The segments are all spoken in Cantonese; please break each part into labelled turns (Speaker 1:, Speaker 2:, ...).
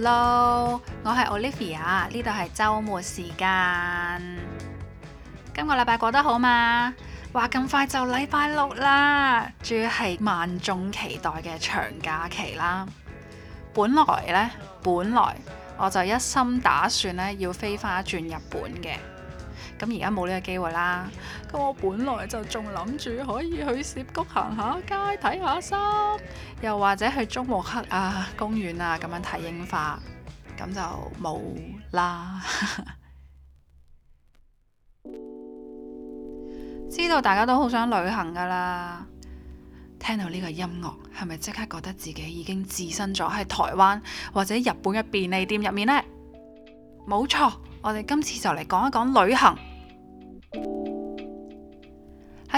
Speaker 1: Hello，我係 Olivia，呢度係週末時間。今個禮拜過得好嗎？話咁快就禮拜六啦，仲要係萬眾期待嘅長假期啦。本來呢，本來我就一心打算呢要飛翻一轉日本嘅。咁而家冇呢個機會啦，咁我本來就仲諗住可以去澀谷行下街睇下衫，又或者去中目黑啊、公園啊咁樣睇櫻花，咁就冇啦。 知道大家都好想旅行噶啦，聽到呢個音樂係咪即刻覺得自己已經置身咗喺台灣或者日本嘅便利店入面呢？冇錯，我哋今次就嚟講一講旅行。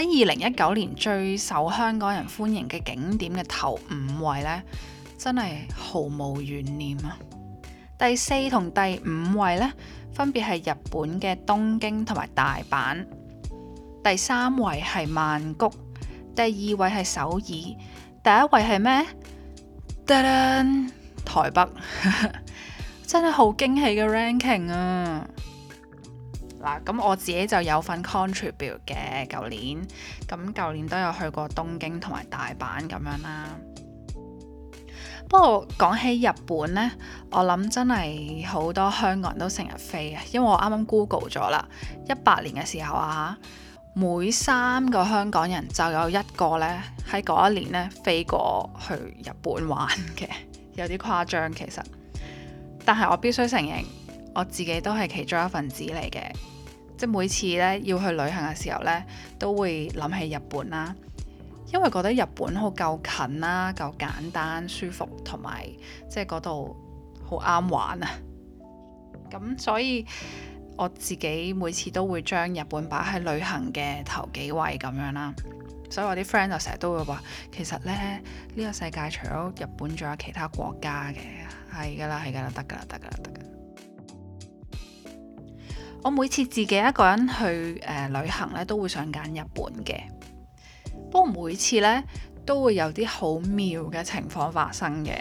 Speaker 1: 喺二零一九年最受香港人歡迎嘅景點嘅頭五位呢，真係毫無懸念啊！第四同第五位呢，分別係日本嘅東京同埋大阪。第三位係曼谷，第二位係首爾，第一位係咩？台北， 真係好驚喜嘅 ranking 啊！嗱，咁我自己就有份 contribute 嘅，舊年咁舊年都有去過東京同埋大阪咁樣啦。不過講起日本呢，我諗真係好多香港人都成日飛啊，因為我啱啱 Google 咗啦，一八年嘅時候啊，每三個香港人就有一個呢喺嗰一年呢飛過去日本玩嘅，有啲誇張其實。但係我必須承認。我自己都係其中一份子嚟嘅，即係每次咧要去旅行嘅時候咧，都會諗起日本啦，因為覺得日本好夠近啦，夠簡單、舒服同埋即係嗰度好啱玩啊。咁 所以我自己每次都會將日本擺喺旅行嘅頭幾位咁樣啦。所以我啲 friend 就成日都會話，其實咧呢個世界除咗日本仲有其他國家嘅，係噶啦，係噶啦，得噶啦，得噶啦，得。我每次自己一個人去誒、呃、旅行咧，都會想揀日本嘅，不過每次咧都會有啲好妙嘅情況發生嘅。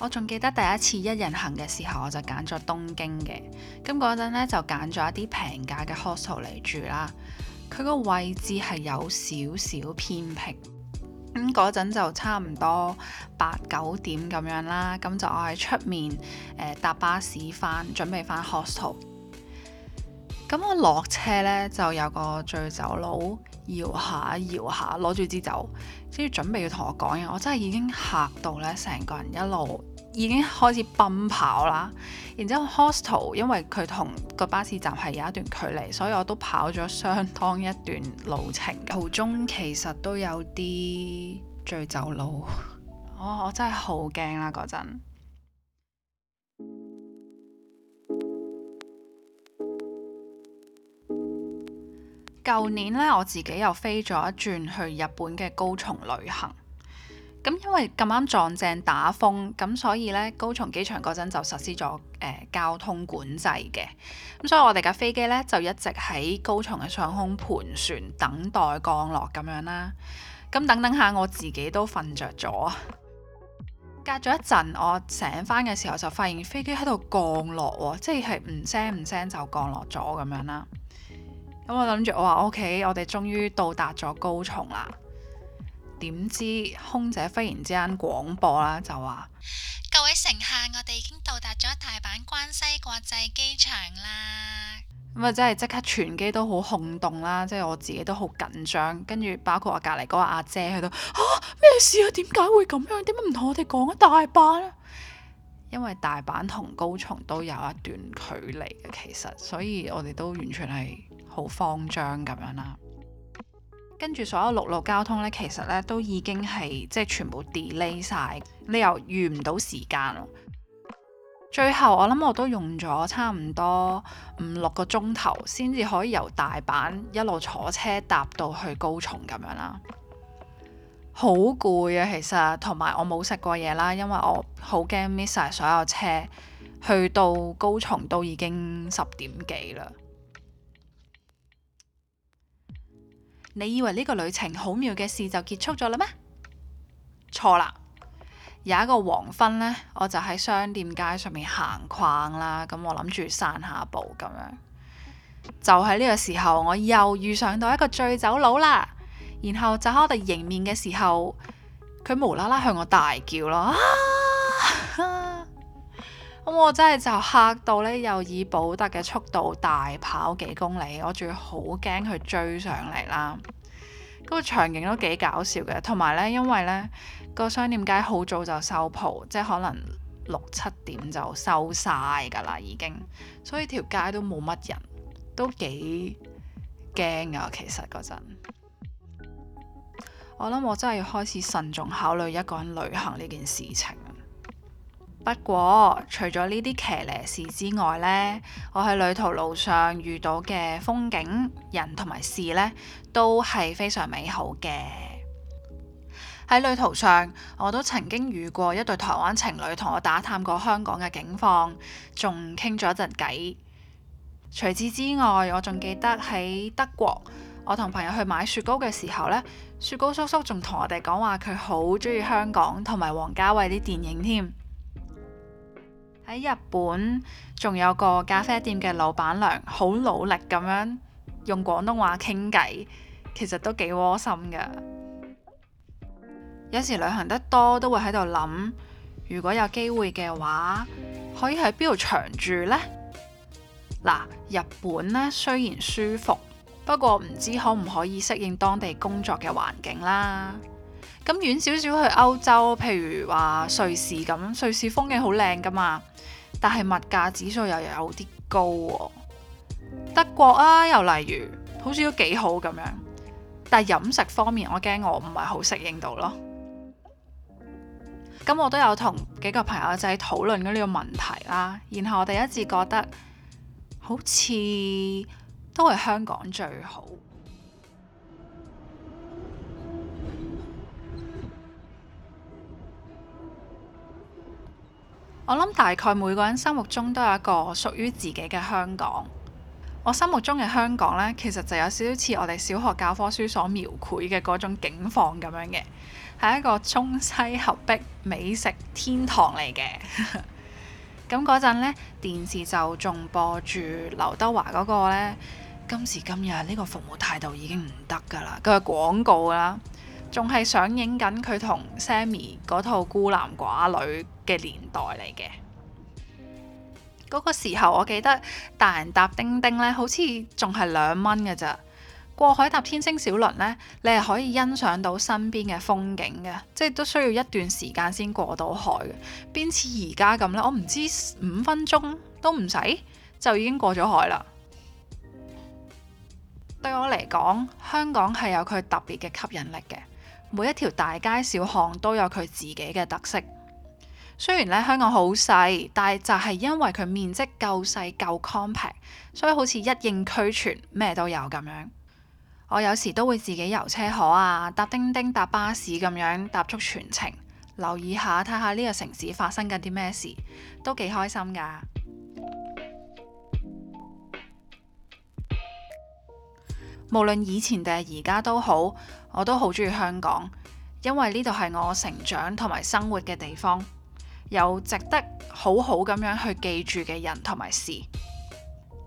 Speaker 1: 我仲記得第一次一人行嘅時候，我就揀咗東京嘅，咁嗰陣咧就揀咗一啲平價嘅 hostel 嚟住啦。佢個位置係有少少偏僻。咁嗰陣就差唔多八九點咁樣啦，咁就我喺出面、呃、搭巴士翻，準備翻 hostel。咁我落車呢，就有個醉酒佬搖下搖下，攞住支酒，即係準備要同我講嘢，我真係已經嚇到呢，成個人一路～已經開始奔跑啦，然之後 hostel 因為佢同個巴士站係有一段距離，所以我都跑咗相當一段路程。途中其實都有啲醉酒佬，我我真係好驚啦嗰陣。舊 年呢，我自己又飛咗一轉去日本嘅高松旅行。咁因為咁啱撞正打風，咁所以呢，高松機場嗰陣就實施咗誒、呃、交通管制嘅，咁，所以我哋架飛機呢，就一直喺高松嘅上空盤旋等待降落咁樣啦。咁等等下我自己都瞓着咗，隔咗一陣我醒返嘅時候就發現飛機喺度降落喎、哦，即係唔聲唔聲就降落咗咁樣啦。咁我諗住我話 OK，我哋終於到達咗高松啦。點知空姐忽然之間廣播啦，就話各位乘客，我哋已經到達咗大阪關西國際機場啦。咁啊、嗯，真係即刻全機都好轟動啦，即係我自己都好緊張，跟住包括我隔籬嗰個阿姐喺度，啊咩事啊？點解會咁樣？點解唔同我哋講啊？大阪啊？因為大阪同高松都有一段距離嘅，其實，所以我哋都完全係好慌張咁樣啦。跟住所有陸路交通呢，其實呢都已經係即係全部 delay 晒，你又預唔到時間咯。最後我諗我都用咗差唔多五六個鐘頭，先至可以由大阪一路坐車搭到去高松咁樣啦。好攰啊，其實同埋我冇食過嘢啦，因為我好驚 miss 晒所有車，去到高松都已經十點幾啦。你以為呢個旅程好妙嘅事就結束咗啦咩？錯啦，有一個黃昏呢，我就喺商店街上面行逛啦，咁我諗住散下步咁樣，就喺呢個時候我又遇上到一個醉酒佬啦，然後就喺我哋迎面嘅時候，佢無啦啦向我大叫咯。啊 咁我真係就嚇到呢又以保特嘅速度大跑幾公里，我仲要好驚佢追上嚟啦。那個場景都幾搞笑嘅，同埋呢，因為呢個商店街好早就收鋪，即係可能六七點就收晒㗎啦，已經，所以條街都冇乜人，都幾驚啊！其實嗰陣，我諗我真係要開始慎重考慮一個人旅行呢件事情。不過，除咗呢啲騎呢事之外呢，我喺旅途路上遇到嘅風景、人同埋事呢，都係非常美好嘅。喺旅途上，我都曾經遇過一對台灣情侶同我打探過香港嘅景況，仲傾咗一陣偈。除此之外，我仲記得喺德國，我同朋友去買雪糕嘅時候呢，雪糕叔叔仲同我哋講話，佢好鍾意香港同埋王家衛啲電影添。喺日本仲有個咖啡店嘅老闆娘，好努力咁樣用廣東話傾偈，其實都幾窩心㗎。有時旅行得多，都會喺度諗，「如果有機會嘅話，可以喺邊度長住呢？」嗱，日本呢雖然舒服，不過唔知可唔可以適應當地工作嘅環境啦。咁遠少少去歐洲，譬如話瑞士咁，瑞士風景好靚噶嘛，但係物價指數又有啲高喎、哦。德國啊，又例如，好似都幾好咁樣，但係飲食方面，我驚我唔係好適應到咯。咁我都有同幾個朋友仔討論緊呢個問題啦，然後我哋一致覺得好似都係香港最好。我諗大概每個人心目中都有一個屬於自己嘅香港。我心目中嘅香港呢，其實就有少少似我哋小學教科書所描繪嘅嗰種景況咁樣嘅，係一個中西合璧、美食天堂嚟嘅。咁嗰陣呢，電視就仲播住劉德華嗰個呢，今時今日呢個服務態度已經唔得噶啦，佢係廣告啦。仲係上映緊佢同 Sammy 嗰套孤男寡女嘅年代嚟嘅，嗰、那個時候我記得大人搭叮叮咧，好似仲係兩蚊嘅咋。過海搭天星小輪呢，你係可以欣賞到身邊嘅風景嘅，即係都需要一段時間先過到海嘅。邊似而家咁呢？我唔知五分鐘都唔使就已經過咗海啦。對我嚟講，香港係有佢特別嘅吸引力嘅。每一條大街小巷都有佢自己嘅特色。雖然咧香港好細，但係就係因為佢面積夠細夠 compact，所以好似一應俱全，咩都有咁樣。我有時都會自己遊車河啊，搭叮叮、搭巴士咁樣搭足全程，留意下睇下呢個城市發生緊啲咩事，都幾開心㗎。無論以前定係而家都好，我都好中意香港，因為呢度係我成長同埋生活嘅地方，有值得好好咁樣去記住嘅人同埋事。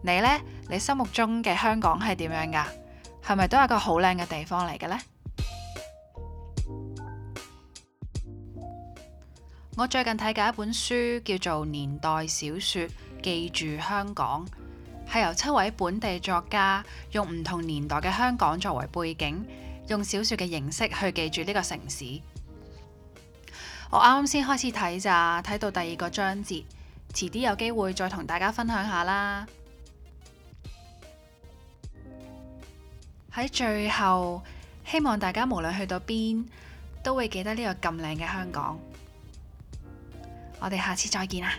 Speaker 1: 你呢？你心目中嘅香港係點樣噶？係咪都係個好靚嘅地方嚟嘅呢？我最近睇嘅一本書叫做《年代小說：記住香港》。係由七位本地作家，用唔同年代嘅香港作為背景，用小說嘅形式去記住呢個城市。我啱啱先開始睇咋，睇到第二個章節，遲啲有機會再同大家分享下啦。喺最後，希望大家無論去到邊，都會記得呢個咁靚嘅香港。我哋下次再見啦。